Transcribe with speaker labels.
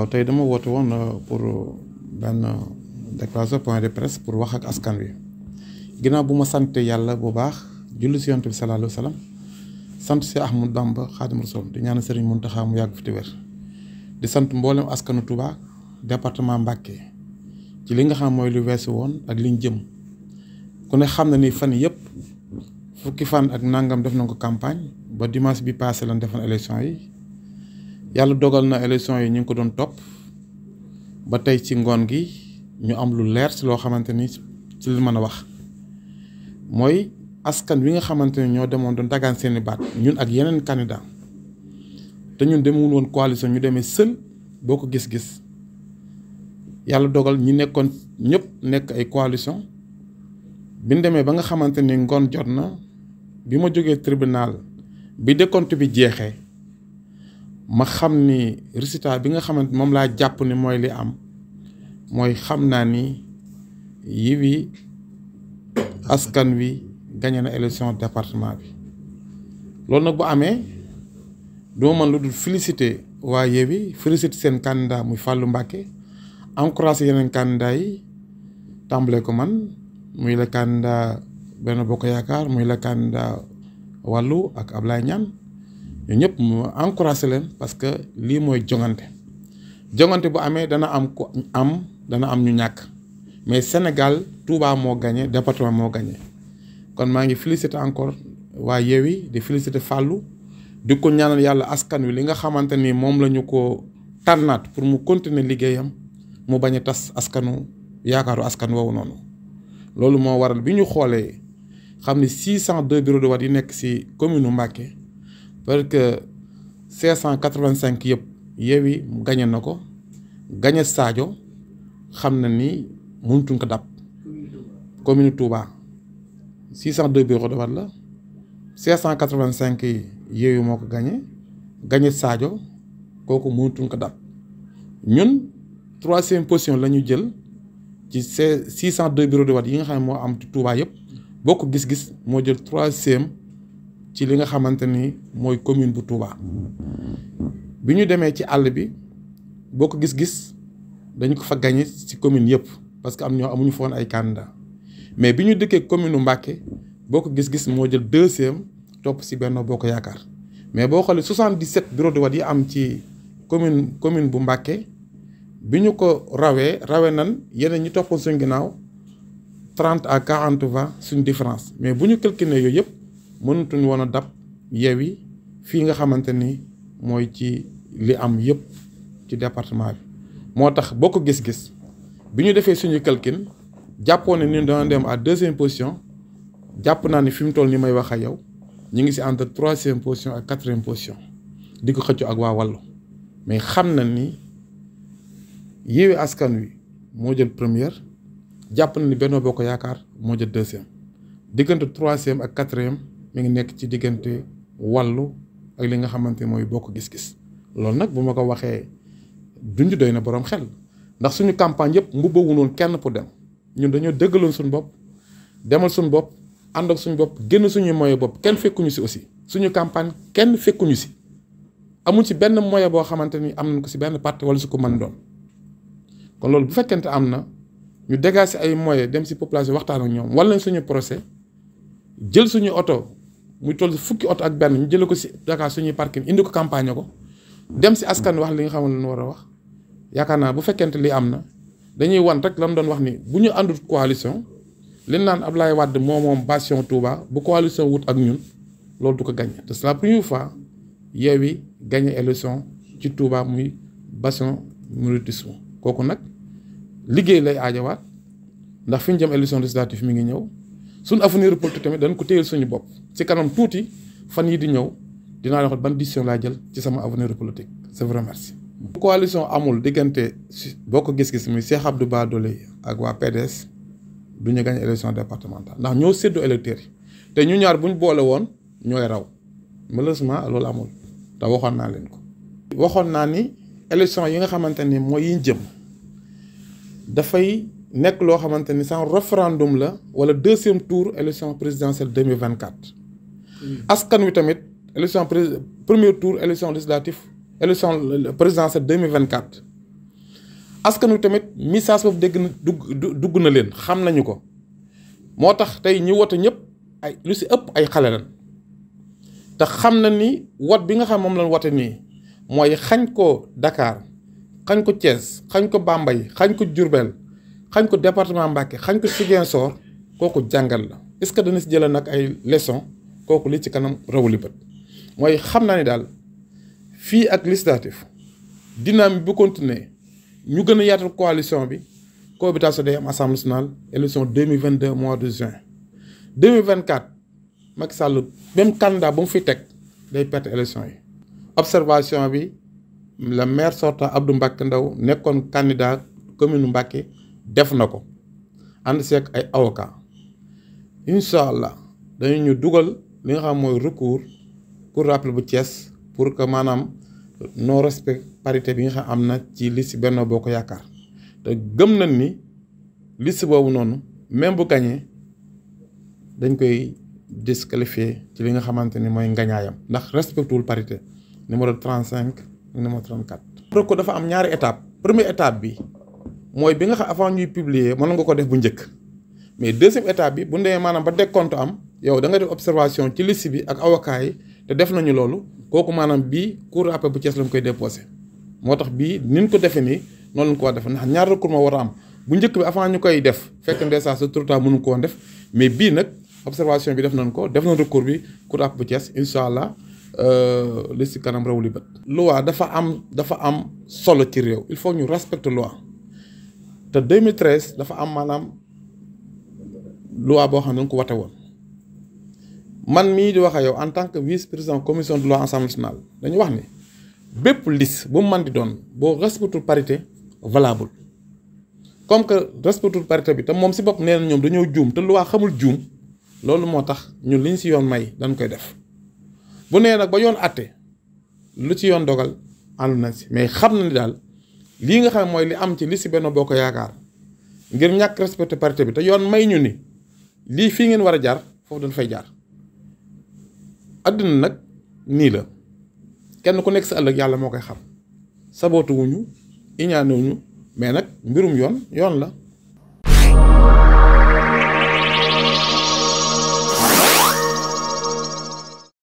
Speaker 1: waaw tey dama woote woon euh, pour euh, benn déclaration point de presse pour wax ak askan wi ginnaaw bu ma sant yàlla bu baax julli si yonent bi salallaahu alayhi wa sallam sant si Ahmadu Bamba Xaadimu Rasuul di ñaan Sëriñ Muntaxa mu yàgg fi te wér di sant mboolem askanu Touba département Mbacké ci li nga xam mooy lu weesi woon ak liñ jëm ku ne xam na ni fan yëpp fukki fan ak nangam def na ko campagne ba dimanche bi passé lan defoon élection yi yàlla dogal na élection yi ñu ngi ko doon topp ba tey ci ngoon gi ñu am lu leer ci loo xamante ni ci lu mën a wax mooy askan wi nga xamante ne ñoo demoon doon dagaan seeni baat ñun ak yeneen candidat te ñun demul woon coalition ñu demee seul boo ko gis-gis yàlla dogal ñi nekkoon ñëpp nekk ay coalition bi ñu demee ba nga xamante ni ngoon jot na bi ma jógee tribunal bi décompte bi jeexee ma xam ni résultat bi nga xamante moom laa jàpp ni mooy li am mooy xam naa ni Yewwi Askan Wi gagné na élection département bi loolu nag bu amee duma mën lu dul félicité waa Yewwi félicité seen candidat muy Fallou Mbacké encouragé yeneen candidat yi tàmbale ko man muy la candidat Benno Bokk Yaakaar muy la candidat Wallu ak Ablaye Niane ñu ñëpp mu encouragé leen parce que lii mooy jongante jongante bu amee dana am ku am dana am ñu ñàkk mais Sénégal Touba moo gagné département moo gagné kon maa ngi félicité encore waa Yewwi di félicité Fallou di ko ñaanal yàlla askan wi li nga xamante ni moom la ñu ko tànnaat pour mu continuer liggéeyam mu bañ a tas askanu yaakaaru askan woowu noonu loolu moo waral bi ñu xoolee xam ni 602 bureaux de vote yi nekk ci commune Mbacké parce que 585 yëpp Yewwi gañe na ko gañe Sadio xam na ni mënutuñ ko dab commune Touba 602 bureau de vote la 585 yi Yewwi moo ko gañe gañe Sadio kooku mënutuñ ko dab ñun troisième position la ñu jël ci ces 602 bureau de vote yi nga xam ne moo am ci Touba yëpp ko gis-gis moo jël troisième ci li nga xamante ni mooy commune bu Touba bi ñu demee ci àll bi boo ko gis-gis dañ ko fa gañe ci commune yëpp parce que am ñoo amuñu foon ay candidat mais bi ñu dëkkee commune Mbacké boo ko gis-gis moo jël deuxième topp ci boo ko Yaakaar mais boo xoolee 77 bureau de vote yi am ci commune commune bu Mbacké bi ñu ko rawee rawee nan yeneen ñi toppoon suñ ginnaaw 30 à 40 vingt suñ différence mais bu ñu calculé yooyu yëpp. mënatuñ woon a dab Yewwi fii nga xamante ni mooy ci li am yëpp ci département bi moo tax boo ko gis-gis bi ñu defee suñu calcul jàppoo ne ni dana dem à deuxième position jàpp naa ni fi mu toll ni may wax ak yow ñu ngi si entre troisième position ak quatrième position di ko xëccu ak waa wàllu mais xam na ni Yewwi Askan Wi moo jël première jàpp na ni Benno Bokk Yaakaar moo jël deuxième diggante troisième ak quatrième mi ngi nekk ci diggante wàllu ak li nga xamante mooy boo ko gis-gis loolu nag bu ma ko waxee duñ doy na boroom xel ndax suñu campagne yëpp mbubbawunoon noonu kenn pour dem ñun dañoo dëggaloon suñu bopp demal suñu bopp ànd ak suñu bopp génn suñu moyen bopp kenn fekkuñu si aussi suñu campagne kenn fekkuñu si amul ci benn moyen boo xamante ni am nañ si benn parti wala su ko doon kon loolu bu fekkente am na ñu dégager si ay moyens dem si population waxtaan ak ñoom wala suñu procès jël suñu oto. muy toll fukki oto ak benn ñu jëlee ko si Dakar suñuy parking indi ko campagne ko dem si askan wax li nga xamal ne war a wax yaakaar naa bu fekkente li am na dañuy wan rek lan doon wax ni bu ñu àndut coalition li naan Ablaye Wade moo moom bastion Touba bu coalition wut ak ñun loolu du ko gagné te c'est la première fois Yewwi gagné élection ci Touba muy bastion mouridisme kooku nag liggéey lay aajawaat ndax fi ñu jëm élection législative mi ngi ñëw. suñu avenir politique tamit dañ ko téyel suñu bopp ci kanam tuuti fan yi di ñëw dinaa leen ban décision laa jël ci sama avenir politique je vous remercie. coalition amul diggante boo ko gis-gis muy Cheikh Abdou Bara Dolly ak waa PDS du ñu gagné élection départementale ndax ñëw séddu électeurs yi te ñu ñaar bu ñu boole woon ñooy raw malheureusement loolu amul te waxoon naa leen ko. waxoon naa ni élection yi nga xamante ni mooy yiñ jëm dafay. nekk loo xamante ni sans référendum la wala deuxième tour élection présidentielle 2024 hmm. askan wi tamit élection premier tour élection législative élection présidentielle 2024 askan wi tamit message boobu dégg na dugg dugg na leen xam nañu ko moo tax tey ñi wote ñëpp ay lu si ëpp ay xale lan te xam na ni wot bi nga xam moom lañ wote nii mooy xañ ko dakaar xañ ko Thiès xañ ko Bambey xañ ko Diourbel xañ ko département Mbacké xañ ko Ziguinchor kooku jàngal la est ce que dana si jëlee nag ay lesson kooku li ci kanam rawuli bët mooy xam naa ne daal fii ak législatif dynamique bu continuer ñu gën a yaatal coalition bi cohabitation day am assemblée nationale élection 2022 mois de juin 2024 Macky Sall même candidat ba mu fi teg day perte élection yi observation bi le maire sortant Abdou Mbacké Ndaw nekkoon candidat commune Mbacké def na ko ànd seeg ay awoka incha allah dañu ñu dugal li nga xam mooy recours cour d'appel bu Thiès pour que maanaam non respect parité bi nga xam am na ci liste Benno Bokk Yaakaar te gëm nañ ni liste boobu noonu même bu gañee dañ koy disqualifier ci li nga xamante ni mooy ngañaayam ndax respectuwul parité numéro trent numéro 34. pour que dafa am ñaari étape première étape bi. mooy bi nga xam avant ñuy publier mën nga ko def bu njëkk mais deuxième étape bi bu ndee maanaam ba décompte am yow da nga def observation ci liste bi ak avocat te def nañu loolu kooku maanaam bii cour d'appel bu Thiès la mu koy déposé moo tax bii ni ñu ko defee nii noonu lañ ko war defe ndax ñaar war a am bu njëkk bi avant ñu koy def fekk ndeysaan sa tur mënu ko woon def mais bii nag observation bi def nañ ko def na recours bi cour d'appel bu Thiès incha allah euh, li si kanam raw li bët loi dafa am dafa am solo ci réew il faut ñu respecter loi te 2013 dafa am maanaam loi boo xam ne dañ ko wate woon man mii di wax ak yow en tant que vice président commission de loi assemblée nationale dañu wax ni bépp liste bu man di doon boo respectul parité valable comme que respectul parité bi te moom si bopp nee na ñoom dañoo juum te loi xamul juum loolu moo tax ñun liñ si yoon may dañ koy def bu nee nag ba yoon àtte lu ci yoon dogal ànd na si mais xam na ni daal. lii nga xam mooy li am ci li si benn boo ko yaakaar ngir ñàkk respecté parité bi te yoon may ñu ni lii fii ngeen war a jaar foofu dañ fay jaar àddina nag nii la kenn ku nekk sa ëllëg yàlla moo koy xam sabootu iñaanewuñu mais nag mbirum yoon yoon la